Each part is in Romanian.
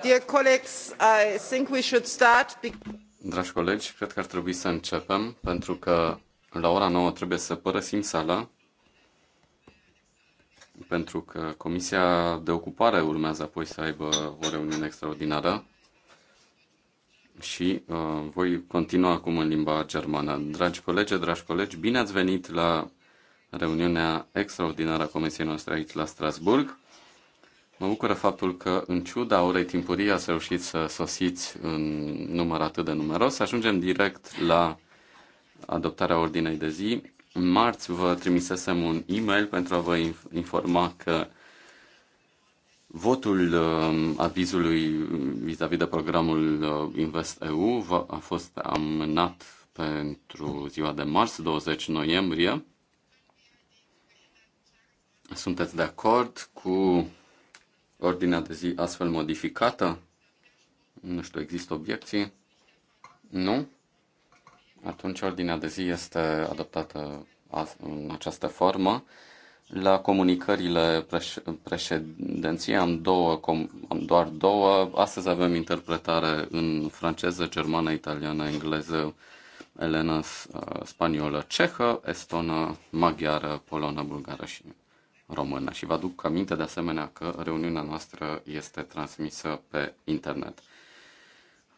Dragi colegi, cred că ar trebui să începem, pentru că la ora 9 trebuie să părăsim sala, pentru că Comisia de Ocupare urmează apoi să aibă o reuniune extraordinară și uh, voi continua acum în limba germană. Dragi colegi, dragi colegi, bine ați venit la reuniunea extraordinară a Comisiei noastre aici la Strasburg. Mă bucură faptul că, în ciuda orei timpurii, ați reușit să sosiți în număr atât de numeros. Ajungem direct la adoptarea ordinei de zi. În marți vă trimisesem un e-mail pentru a vă informa că votul uh, avizului vis-a-vis -vis de programul uh, InvestEU a fost amânat pentru ziua de marți, 20 noiembrie. Sunteți de acord cu ordinea de zi astfel modificată? Nu știu, există obiecții? Nu? Atunci ordinea de zi este adoptată în această formă. La comunicările preș- președinției am, două, am doar două. Astăzi avem interpretare în franceză, germană, italiană, engleză, elenă, uh, spaniolă, cehă, estonă, maghiară, polonă, bulgară și română. Și vă aduc aminte de asemenea că reuniunea noastră este transmisă pe internet.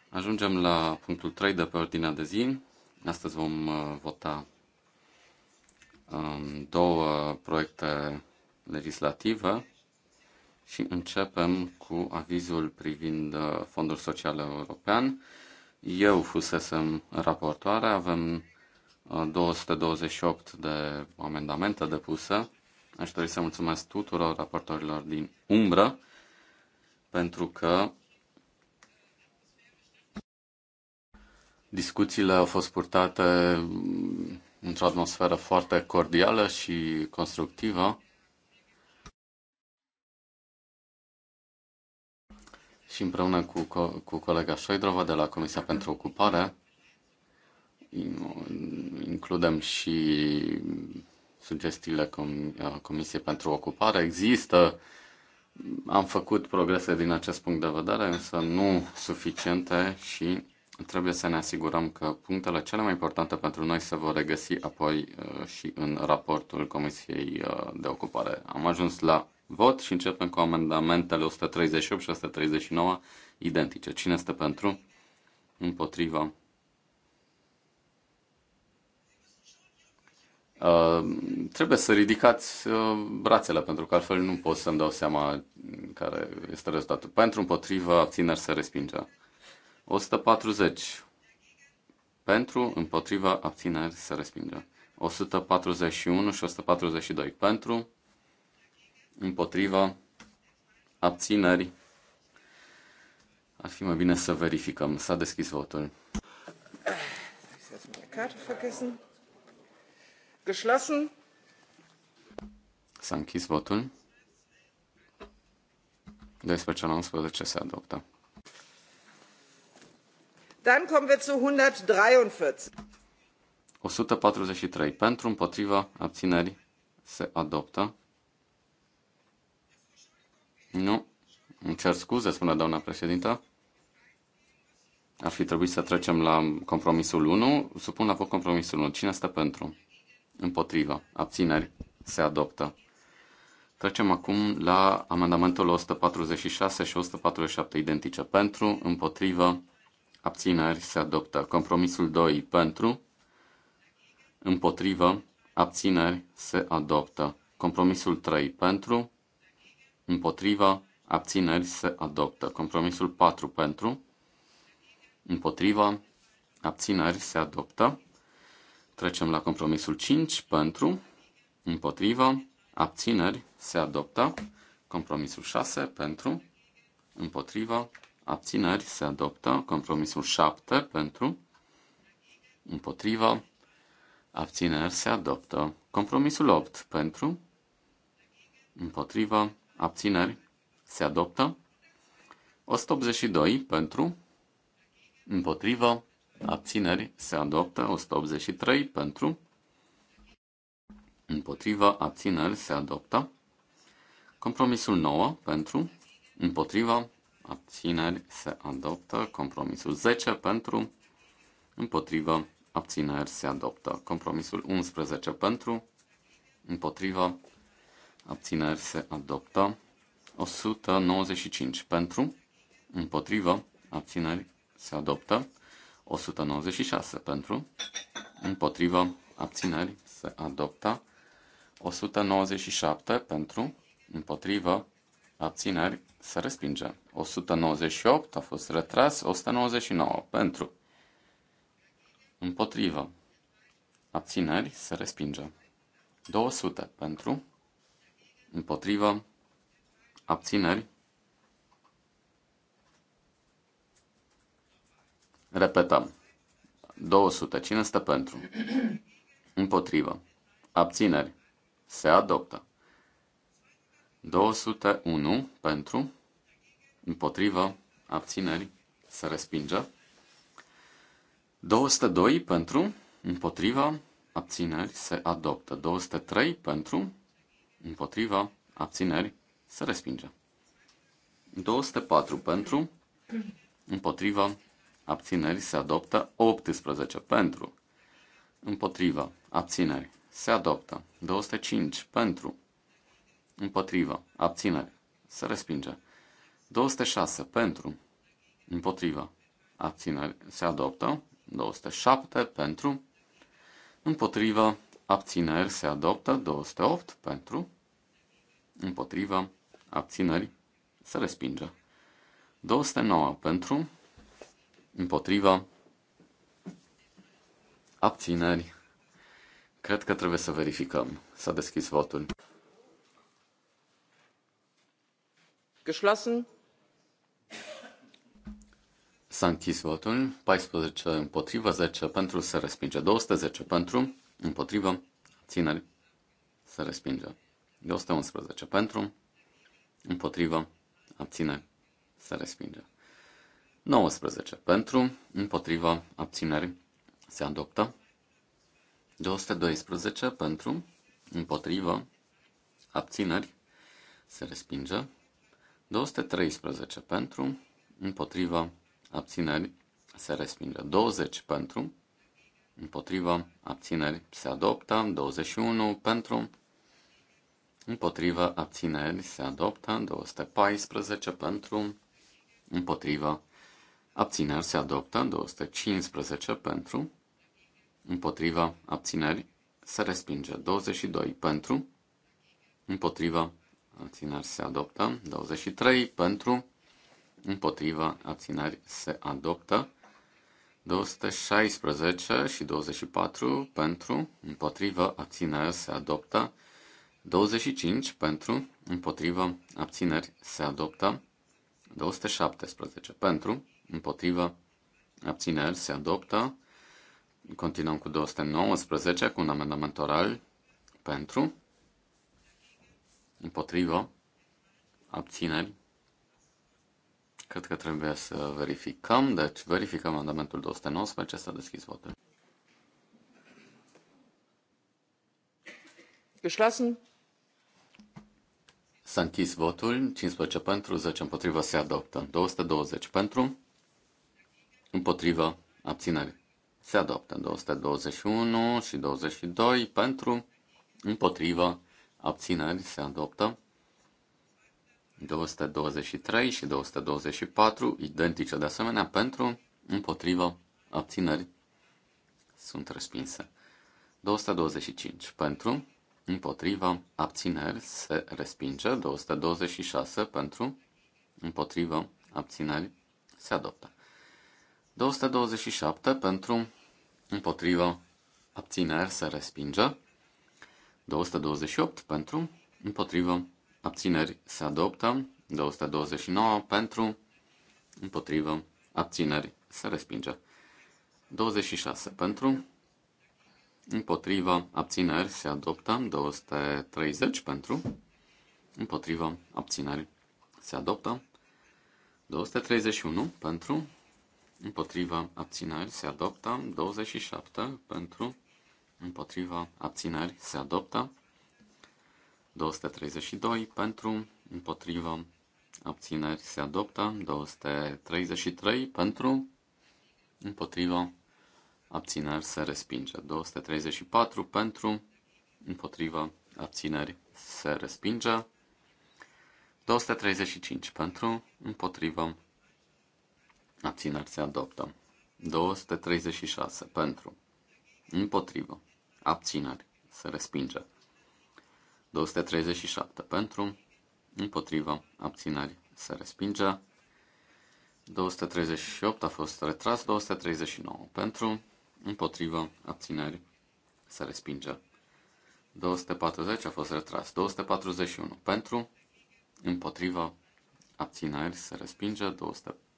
Ajungem la punctul 3 de pe ordinea de zi. Astăzi vom uh, vota um, două proiecte legislative și începem cu avizul privind uh, Fondul Social European. Eu fusesem raportoare, avem 228 uh, de amendamente depuse Aș dori să mulțumesc tuturor raportorilor din umbră pentru că discuțiile au fost purtate într-o atmosferă foarte cordială și constructivă. și împreună cu, co- cu colega Șoidrova de la Comisia pentru Ocupare, includem și sugestiile Com- uh, Comisiei pentru Ocupare. Există, am făcut progrese din acest punct de vedere, însă nu suficiente și trebuie să ne asigurăm că punctele cele mai importante pentru noi se vor regăsi apoi uh, și în raportul Comisiei uh, de Ocupare. Am ajuns la vot și începem cu amendamentele 138 și 139 identice. Cine este pentru? Împotriva? Uh, trebuie să ridicați uh, brațele, pentru că altfel nu pot să-mi dau seama care este rezultatul. Pentru, împotrivă, abțineri se respinge. 140. Pentru, împotriva, abțineri se respinge. 141 și 142. Pentru, împotriva, abțineri. Ar fi mai bine să verificăm. S-a deschis votul. vergessen geschlossen. S-a închis votul. 12 la 11 se adoptă. Dann kommen wir zu 143. 143. Pentru, împotriva, abțineri se adoptă. Nu. Îmi cer scuze, spune doamna președintă. Ar fi trebuit să trecem la compromisul 1. Supun la vot compromisul 1. Cine stă pentru? Împotrivă. abțineri, se adoptă. Trecem acum la amendamentul 146 și 147 identice. Pentru, împotrivă, abțineri se adoptă. Compromisul 2 pentru, împotrivă, abțineri se adoptă. Compromisul 3 pentru, împotrivă, abțineri se adoptă. Compromisul 4 pentru, împotrivă, abțineri se adoptă. Trecem la compromisul 5 pentru, împotrivă, abțineri, se adoptă. Compromisul 6 pentru, împotrivă, abțineri, se adoptă. Compromisul 7 pentru, împotrivă, abțineri, se adoptă. Compromisul 8 pentru, împotrivă, abțineri, se adoptă. 182 pentru, împotrivă, abțineri se adoptă 183 pentru, împotriva abțineri se adoptă. Compromisul 9 pentru, împotriva abțineri se adoptă. Compromisul 10 pentru, împotriva abțineri se adoptă. Compromisul 11 pentru, împotriva abțineri se adoptă. 195 pentru, împotriva abțineri se adoptă. 196 pentru, împotrivă, abțineri, se adoptă. 197 pentru, împotrivă, abțineri, se respinge. 198 a fost retras, 199 pentru, împotrivă, abțineri, se respinge. 200 pentru, împotrivă, abțineri, Repetăm. 200. Cine stă pentru? Împotrivă. Abțineri. Se adoptă. 201 pentru. Împotrivă. Abțineri. Se respinge. 202 pentru. Împotrivă. Abțineri. Se adoptă. 203 pentru. Împotrivă. Abțineri. Se respinge. 204 pentru. Împotrivă abțineri se adoptă 18 pentru, împotriva, abțineri se adoptă 205 pentru, împotriva, abțineri se respinge 206 pentru, împotriva, abțineri se adoptă 207 pentru, împotriva, abțineri se adoptă 208 pentru, împotriva, abțineri se respinge 209 pentru, împotriva, abțineri. Cred că trebuie să verificăm. S-a deschis votul. Geschlossen. S-a închis votul. 14 împotriva, 10 pentru, se respinge. 210 pentru, împotriva, țineri, se respinge. 211 pentru, împotriva, abțineri, se respinge. 19 pentru, împotriva abțineri se adoptă. 212 pentru, împotriva abțineri se respinge. 213 pentru, împotriva abțineri se respinge. 20 pentru, împotriva abțineri se adoptă. 21 pentru, Împotriva abțineri se adoptă 214 pentru, împotriva Abțineri se adoptă. 215 pentru. Împotriva. Abțineri se respinge. 22 pentru. Împotriva. Abțineri se adoptă. 23 pentru. Împotriva. Abțineri se adoptă. 216 și 24 pentru, împotriva abțineri se adoptă. 25 pentru, împotriva abțineri se adoptă. 217 pentru, împotrivă, abțineri, se adoptă. Continuăm cu 219, cu un amendament oral pentru, împotrivă, abțineri. Cred că trebuie să verificăm, deci verificăm amendamentul 219, s-a deschis votul. Geschlossen. S-a închis votul, 15 pentru, 10 împotrivă se adoptă, 220 pentru, împotriva abținerii. Se adoptă 221 și 22 pentru, împotriva abțineri se adoptă 223 și 224, identice de asemenea, pentru, împotriva abțineri sunt respinse. 225 pentru, împotriva abțineri se respinge, 226 pentru, împotriva abțineri se adoptă. 227 pentru împotrivă abțineri se respinge. 228 pentru împotrivă abțineri se adoptă. 229 pentru împotrivă abțineri se respinge. 26 pentru împotrivă abțineri se adoptă. 230 pentru împotrivă abțineri se adoptă. 231 pentru împotriva abțineri se adoptă, 27 pentru, împotriva abțineri se adoptă, 232 pentru, împotriva abțineri se adoptă, 233 pentru, împotriva abțineri se respinge, 234 pentru, împotriva abțineri se respinge, 235 pentru, împotriva abțineri se adoptă. 236 pentru, împotrivă, abțineri se respinge. 237 pentru, împotrivă, abțineri se respinge. 238 a fost retras, 239 pentru, împotrivă, abțineri se respinge. 240 a fost retras, 241 pentru, împotrivă, abțineri se respinge, 240.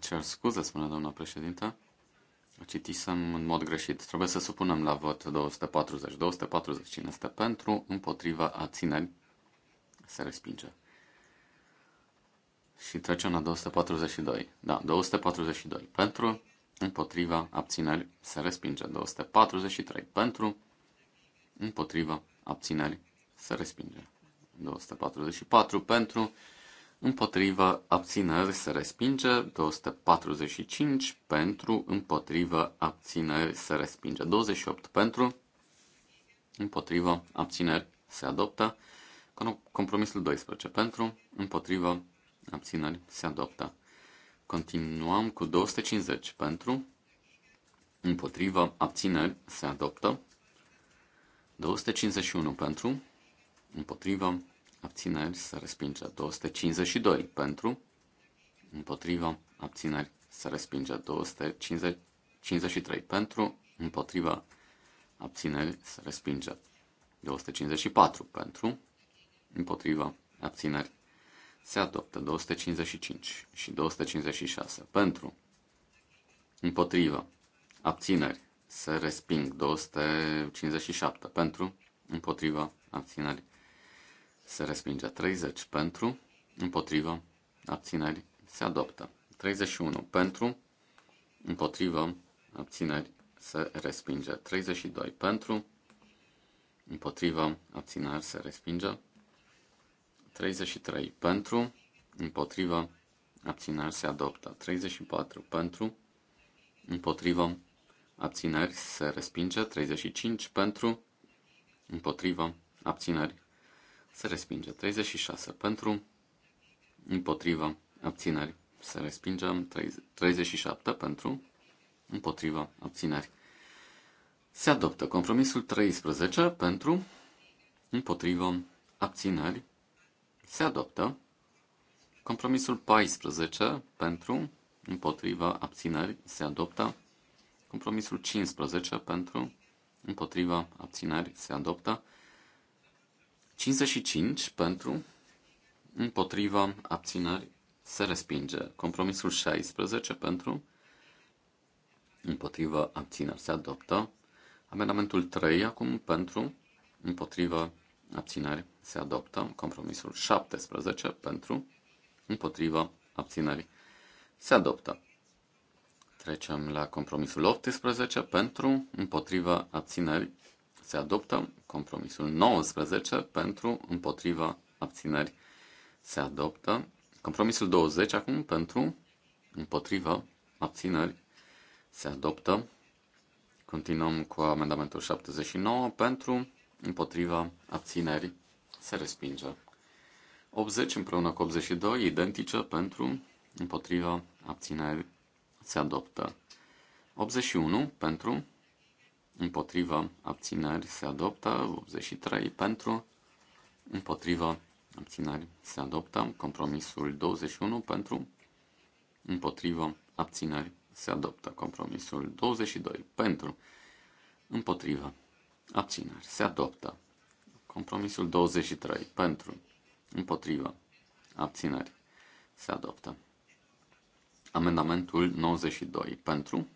cer scuze, spune doamna președintă. Citisem în mod greșit. Trebuie să supunem la vot 240. 240 cine este pentru, împotriva, țineri, se respinge. Și trecem la 242. Da, 242 pentru, împotriva, abțineri, se respinge. 243 pentru, împotriva, abțineri, se respinge. 244 pentru, împotrivă abțineri se respinge, 245 pentru, împotrivă abțineri se respinge, 28 pentru, împotrivă abțineri se adoptă, compromisul 12 pentru, împotrivă abțineri se adoptă. Continuăm cu 250 pentru, împotrivă abțineri se adoptă, 251 pentru, împotrivă abțineri să respinge. 252 pentru, împotriva, abțineri să respinge. 253 pentru, împotriva, abțineri să respinge. 254 pentru, împotriva, abțineri se adoptă 255 și 256 pentru, împotrivă, abțineri, se resping 257 pentru, împotrivă, abțineri, se respinge. 30 pentru, împotrivă, abțineri, se adoptă. 31 pentru, împotrivă, abțineri, se respinge. 32 pentru, împotrivă, abțineri, se respinge. 33 pentru, împotrivă, abțineri, se adoptă. 34 pentru, împotrivă, abțineri, se respinge. 35 pentru, împotrivă, abțineri, se respinge. 36 pentru, împotriva, abțineri, se respinge. 37 pentru, împotriva, abțineri. Se adoptă compromisul 13 pentru, împotriva, abțineri. Se adoptă compromisul 14 pentru, împotriva, abțineri. Se adoptă compromisul 15 pentru, împotriva, abțineri. Se adoptă 55 pentru, împotriva, abțineri, se respinge. Compromisul 16 pentru, împotriva, abțineri, se adoptă. Amendamentul 3 acum pentru, împotriva, abțineri, se adoptă. Compromisul 17 pentru, împotriva, abțineri, se adoptă. Trecem la compromisul 18 pentru, împotriva, abțineri, se adoptă. Compromisul 19 pentru, împotriva, abțineri se adoptă. Compromisul 20 acum pentru, împotriva, abțineri se adoptă. Continuăm cu amendamentul 79 pentru, împotriva, abțineri se respinge. 80 împreună cu 82 identice pentru, împotriva, abțineri se adoptă. 81 pentru, împotriva abțineri se adoptă, 83 pentru, împotriva abțineri se adoptă, compromisul 21 pentru, împotriva abțineri se adoptă, compromisul 22 pentru, împotriva abțineri se adoptă, compromisul 23 pentru, împotriva abțineri se adoptă. Amendamentul 92 pentru,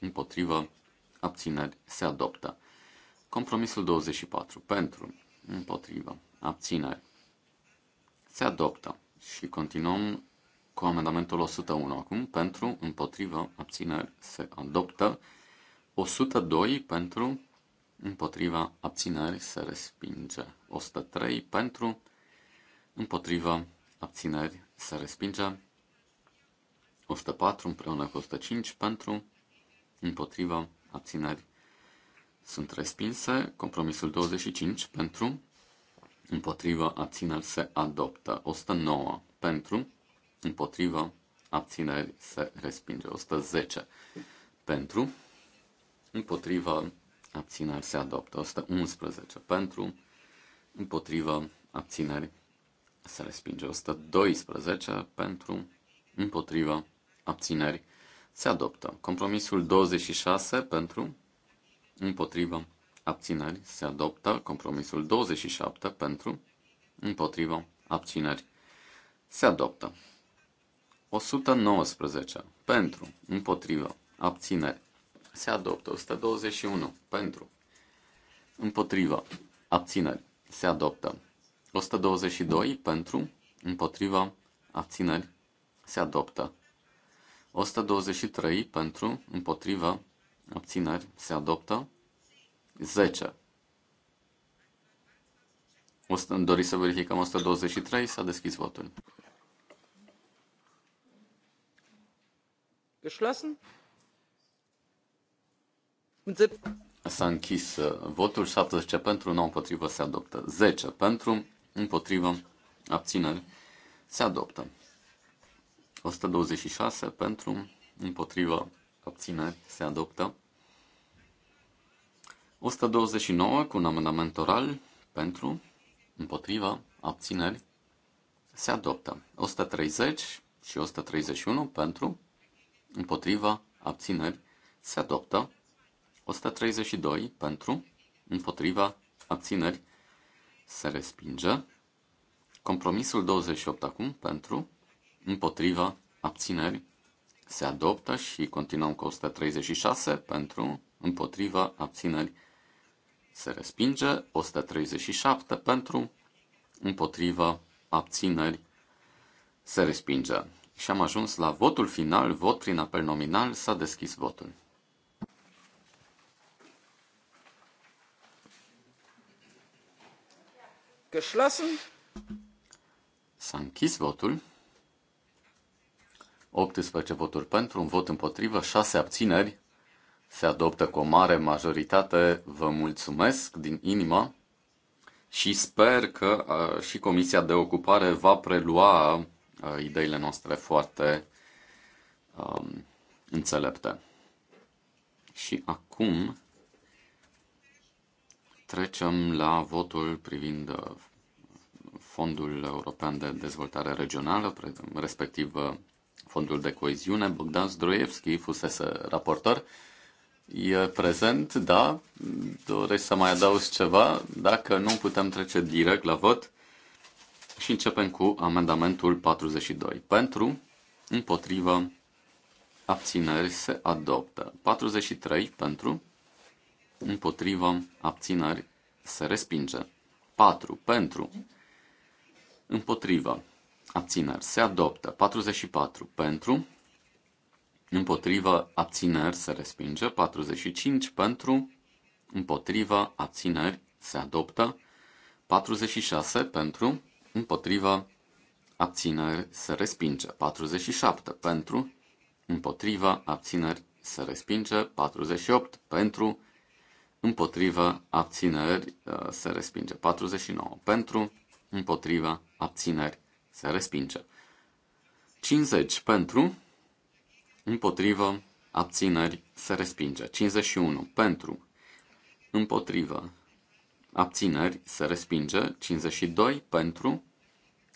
împotriva abțineri, se adoptă. Compromisul 24. Pentru, împotrivă, abțineri, se adoptă. Și continuăm cu amendamentul 101 acum. Pentru, împotrivă, abțineri, se adoptă. 102 pentru, împotriva, abțineri, se respinge. 103 pentru, împotriva, abțineri, se respinge. 104 împreună cu 105 pentru, împotriva, abțineri sunt respinse. Compromisul 25 pentru, împotriva abțineri se adoptă. 109 pentru, împotriva abțineri se respinge. 110 pentru, împotriva abțineri se adoptă. 111 pentru, împotriva abțineri se respinge. 112 pentru, împotriva abțineri se se adoptă. Compromisul 26 pentru, împotrivă, abțineri. Se adoptă. Compromisul 27 pentru, împotrivă, abțineri. Se adoptă. 119 pentru, împotrivă, abțineri. Se adoptă. 121 pentru, împotrivă, abțineri. Se adoptă. 122 pentru, împotriva, abțineri, se adoptă. 123 pentru, împotrivă, abțineri, se adoptă. 10. 100, doriți să verificăm 123, s-a deschis votul. Geschlossen. S-a închis uh, votul 17 pentru, nu împotrivă se adoptă. 10 pentru, împotrivă, abțineri se adoptă. 126 pentru, împotriva, abțineri, se adoptă. 129 cu un amendament oral pentru, împotriva, abțineri, se adoptă. 130 și 131 pentru, împotriva, abțineri, se adoptă. 132 pentru, împotriva, abțineri, se respinge. Compromisul 28 acum pentru, împotriva, abțineri, se adoptă și continuăm cu 136 pentru, împotriva, abțineri, se respinge, 137 pentru, împotriva, abțineri, se respinge. Și am ajuns la votul final, vot prin apel nominal, s-a deschis votul. Geschlossen. S-a închis votul. 18 voturi pentru, un vot împotrivă, 6 abțineri. Se adoptă cu o mare majoritate. Vă mulțumesc din inimă și sper că și Comisia de Ocupare va prelua ideile noastre foarte um, înțelepte. Și acum trecem la votul privind Fondul European de Dezvoltare Regională, respectiv fondul de coeziune. Bogdan Zdroievski fusese raportor. E prezent, da. Doresc să mai adauz ceva. Dacă nu, putem trece direct la vot și începem cu amendamentul 42. Pentru, împotrivă, abțineri se adoptă. 43 pentru, împotrivă, abțineri se respinge. 4 pentru, împotrivă, abțineri se adoptă. 44 pentru, împotrivă, abțineri se respinge. 45 pentru, împotrivă, abțineri se adoptă. 46 pentru, împotrivă, abțineri se respinge. 47 pentru, împotrivă, abțineri se respinge. 48 pentru, împotrivă, abțineri se respinge. 49 pentru, împotrivă, abțineri se respinge. 50 pentru, împotrivă, abțineri, se respinge. 51 pentru, împotrivă, abțineri, se respinge. 52 pentru,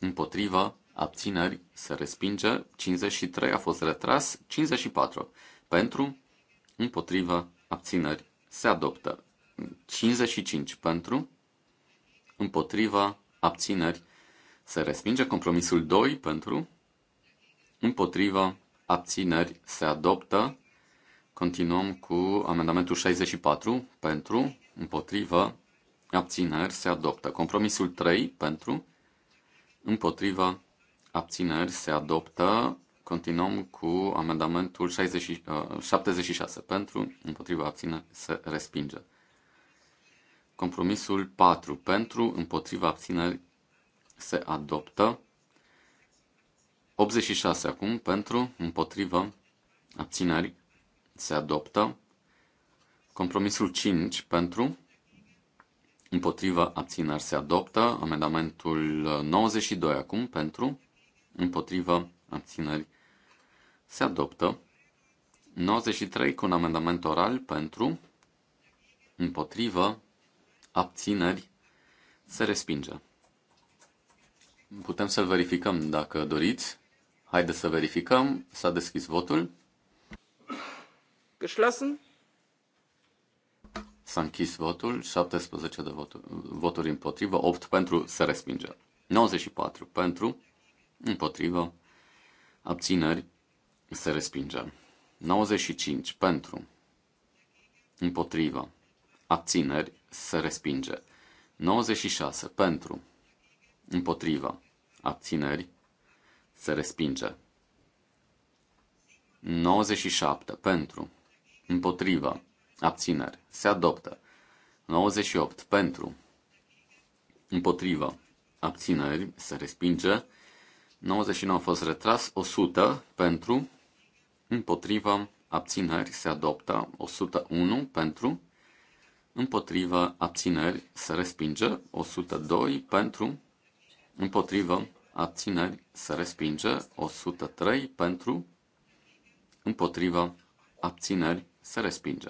împotrivă, abțineri, se respinge. 53 a fost retras. 54 pentru, împotrivă, abțineri, se adoptă. 55 pentru, împotriva, abțineri, se respinge. Compromisul 2 pentru, împotriva, abțineri, se adoptă. Continuăm cu amendamentul 64 pentru, împotriva, abțineri, se adoptă. Compromisul 3 pentru, împotriva, abțineri, se adoptă. Continuăm cu amendamentul 60, 76 uh, pentru, împotriva, abțineri, se respinge. Compromisul 4 pentru, împotriva, abțineri, se adoptă. 86 acum pentru, împotrivă, abțineri, se adoptă. Compromisul 5 pentru, împotrivă, abțineri, se adoptă. Amendamentul 92 acum pentru, împotrivă, abțineri, se adoptă. 93 cu un amendament oral pentru, împotrivă, abțineri, se respinge. Putem să-l verificăm dacă doriți. Haideți să verificăm. S-a deschis votul. Geschlossen. S-a închis votul, 17 de voturi, voturi împotrivă, 8 pentru, se respinge. 94 pentru, împotrivă, abțineri, se respinge. 95 pentru, împotrivă, abțineri, se respinge. 96 pentru, împotriva, abțineri, se respinge. 97 pentru, împotriva, abțineri, se adoptă. 98 pentru, împotriva, abțineri, se respinge. 99 a fost retras, 100 pentru, împotriva, abțineri, se adoptă. 101 pentru, împotriva, abțineri, se respinge. 102 pentru, împotrivă, abțineri, se respinge. 103 pentru, împotrivă, abțineri, se respinge.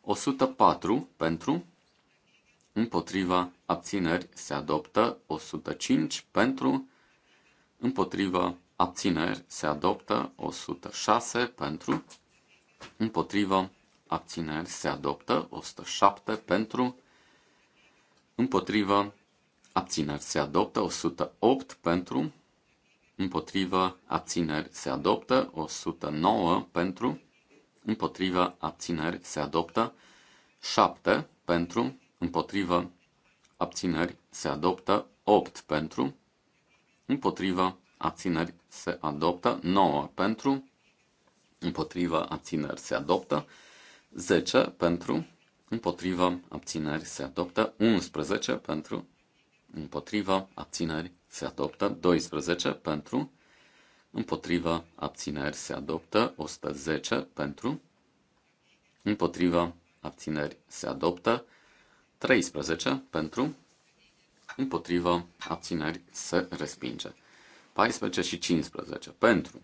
104 pentru, împotriva, abțineri, se adoptă. 105 pentru, împotriva, abțineri, se adoptă. 106 pentru, împotriva, abțineri, se adoptă. 107 pentru, împotriva, abțineri se adoptă, 108 pentru, împotrivă, abțineri se adoptă, 109 pentru, împotrivă, abțineri se adoptă, 7 pentru, împotrivă, abțineri se adoptă, 8 pentru, împotrivă, abțineri se adoptă, 9 pentru, împotrivă, abțineri se adoptă, 10 pentru, împotrivă, abțineri se adoptă, 11 pentru, împotriva, abțineri, se adoptă. 12 pentru, împotriva, abțineri, se adoptă. 110 pentru, împotriva, abțineri, se adoptă. 13 pentru, împotriva, abțineri, se respinge. 14 și 15 pentru,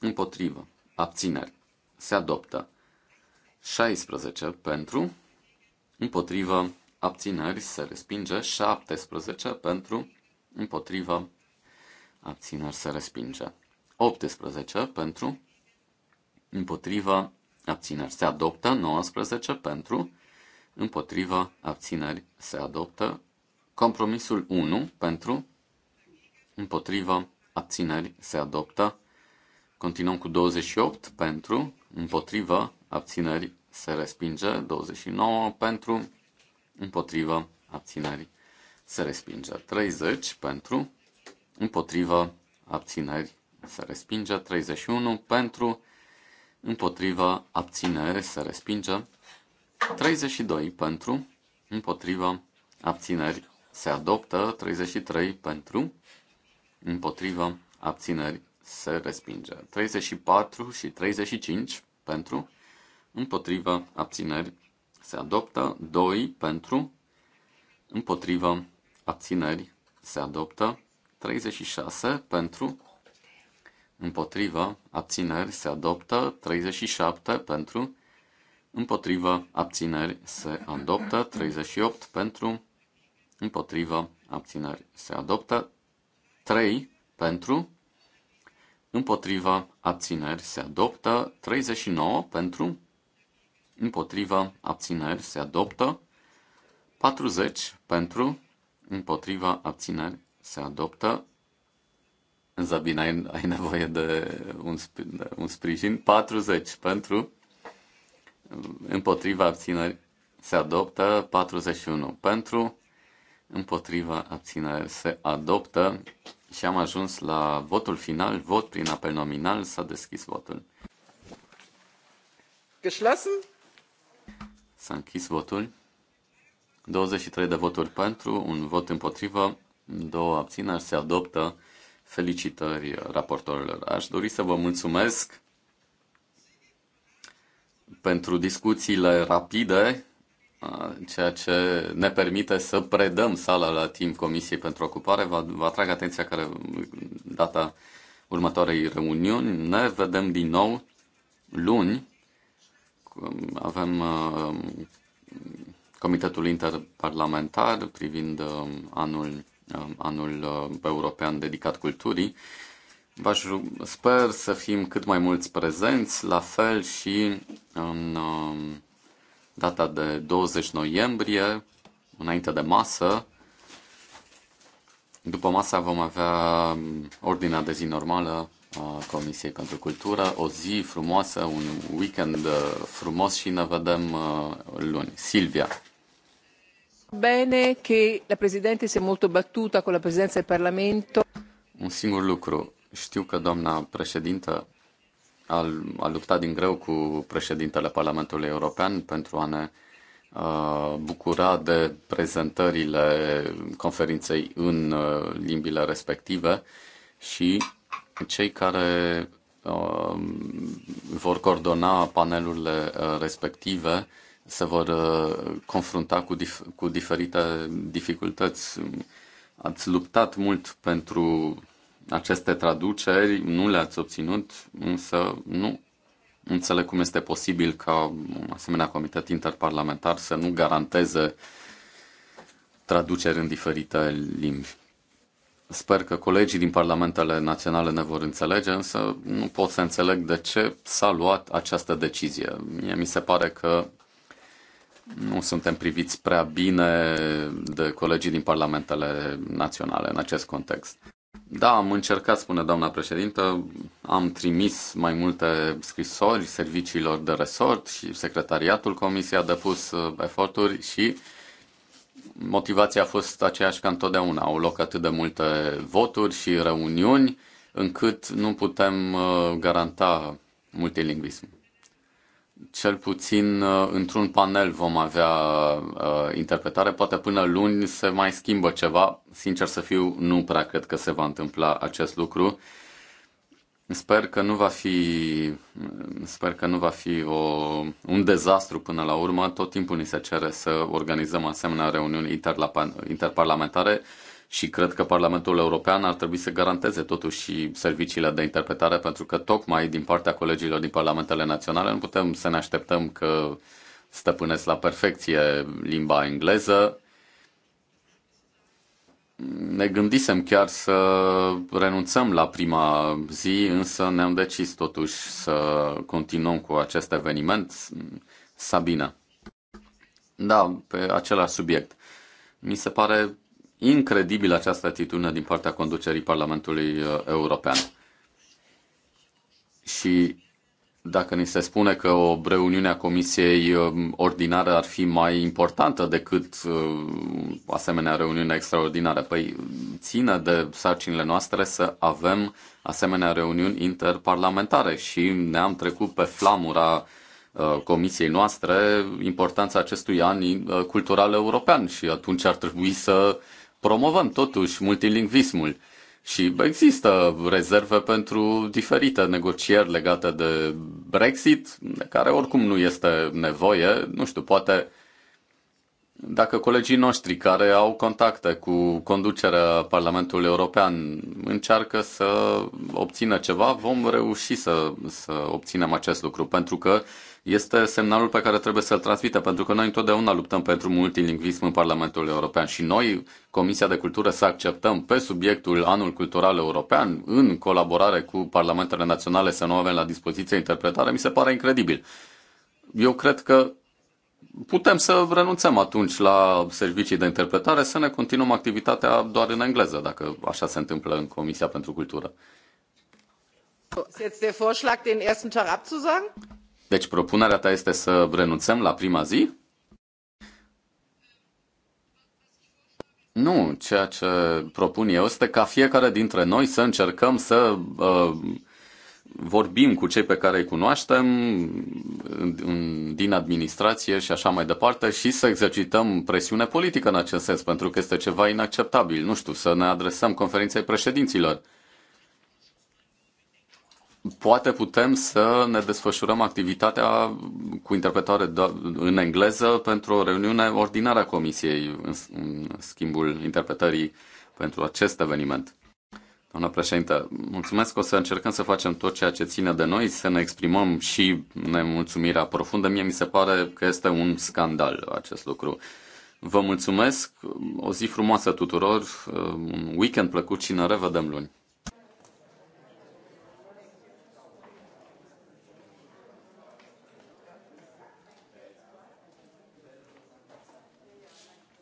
împotriva, abțineri, se adoptă. 16 pentru, împotriva, abțineri se respinge, 17 pentru, împotriva, abțineri se respinge, 18 pentru, împotriva, abțineri se adoptă, 19 pentru, împotriva, abțineri se adoptă, compromisul 1 pentru, împotriva, abțineri se adoptă, continuăm cu 28 pentru, împotriva, abțineri se respinge, 29 pentru, împotriva abțineri se respinge. 30 pentru, împotriva abțineri se respinge. 31 pentru, împotriva abțineri se respinge. 32 pentru, împotriva abțineri se adoptă. 33 pentru, împotriva abțineri se respinge. 34 și 35 pentru, împotriva abțineri se adoptă. 2 pentru, împotrivă, abțineri, se adoptă. 36 pentru, împotrivă, abțineri, se adoptă. 37 pentru, împotrivă, abțineri, se adoptă. 38 pentru, împotrivă, abțineri, se adoptă. 3 pentru, împotriva abțineri se adoptă 39 pentru, împotriva abțineri se adoptă. 40 pentru, împotriva abțineri se adoptă. Zabina, ai, ai nevoie de un, de un sprijin. 40 pentru, împotriva abțineri se adoptă. 41 pentru, împotriva abțineri se adoptă. Și am ajuns la votul final, vot prin apel nominal, s-a deschis votul. Geschlossen? S-a închis votul. 23 de voturi pentru, un vot împotrivă, două abțineri se adoptă. Felicitări raportorilor. Aș dori să vă mulțumesc pentru discuțiile rapide, ceea ce ne permite să predăm sala la timp Comisiei pentru Ocupare. Vă, vă atrag atenția care data următoarei reuniuni. Ne vedem din nou luni avem uh, Comitetul Interparlamentar privind uh, anul, uh, anul european dedicat culturii. V-aș sper să fim cât mai mulți prezenți, la fel și în data de 20 noiembrie, înainte de masă. După masa vom avea ordinea de zi normală Comisiei pentru Cultură. O zi frumoasă, un weekend uh, frumos și ne vedem uh, luni. Silvia. Bene che la Presidente si è molto battuta con la presenza del Parlamento. Un singur lucru. Știu că doamna președintă a, a luptat din greu cu președintele Parlamentului European pentru a ne uh, bucura de prezentările conferinței în uh, limbile respective și cei care uh, vor coordona panelurile uh, respective se vor uh, confrunta cu, dif- cu diferite dificultăți. Ați luptat mult pentru aceste traduceri, nu le-ați obținut, însă nu înțeleg cum este posibil ca un asemenea comitet interparlamentar să nu garanteze traduceri în diferite limbi. Sper că colegii din parlamentele naționale ne vor înțelege, însă nu pot să înțeleg de ce s-a luat această decizie. Mie mi se pare că nu suntem priviți prea bine de colegii din parlamentele naționale în acest context. Da, am încercat, spune doamna președintă, am trimis mai multe scrisori serviciilor de resort și secretariatul comisiei a depus uh, eforturi și motivația a fost aceeași ca întotdeauna. Au loc atât de multe voturi și reuniuni încât nu putem uh, garanta multilingvism. Cel puțin uh, într-un panel vom avea uh, interpretare, poate până luni se mai schimbă ceva. Sincer să fiu, nu prea cred că se va întâmpla acest lucru Sper că nu va fi, sper că nu va fi o, un dezastru până la urmă. Tot timpul ni se cere să organizăm asemenea reuniuni interparlamentare și cred că Parlamentul European ar trebui să garanteze totuși și serviciile de interpretare, pentru că tocmai din partea colegilor din Parlamentele Naționale nu putem să ne așteptăm că stăpânesc la perfecție limba engleză, ne gândisem chiar să renunțăm la prima zi, însă ne-am decis totuși să continuăm cu acest eveniment. Sabina. Da, pe același subiect. Mi se pare incredibil această atitudine din partea conducerii Parlamentului uh, European. Și dacă ni se spune că o reuniune a comisiei um, ordinară ar fi mai importantă decât o um, asemenea reuniune extraordinară, păi ține de sarcinile noastre să avem asemenea reuniuni interparlamentare și ne-am trecut pe flamura uh, comisiei noastre importanța acestui an uh, cultural european și atunci ar trebui să promovăm totuși multilingvismul și există rezerve pentru diferite negocieri legate de Brexit, de care oricum nu este nevoie. Nu știu, poate dacă colegii noștri care au contacte cu conducerea Parlamentului European încearcă să obțină ceva, vom reuși să, să obținem acest lucru, pentru că este semnalul pe care trebuie să-l transmită, pentru că noi întotdeauna luptăm pentru multilingvism în Parlamentul European și noi, Comisia de Cultură, să acceptăm pe subiectul Anul Cultural European, în colaborare cu Parlamentele Naționale, să nu avem la dispoziție interpretare, mi se pare incredibil. Eu cred că putem să renunțăm atunci la servicii de interpretare, să ne continuăm activitatea doar în engleză, dacă așa se întâmplă în Comisia pentru Cultură. Deci propunerea ta este să renunțăm la prima zi? Nu, ceea ce propun eu este ca fiecare dintre noi să încercăm să uh, vorbim cu cei pe care îi cunoaștem din administrație și așa mai departe și să exercităm presiune politică în acest sens, pentru că este ceva inacceptabil. Nu știu, să ne adresăm conferinței președinților. Poate putem să ne desfășurăm activitatea cu interpretare da, în engleză pentru o reuniune ordinară a Comisiei în schimbul interpretării pentru acest eveniment. Doamna președintă, mulțumesc că o să încercăm să facem tot ceea ce ține de noi, să ne exprimăm și nemulțumirea profundă. Mie mi se pare că este un scandal acest lucru. Vă mulțumesc, o zi frumoasă tuturor, un weekend plăcut și ne revedem luni.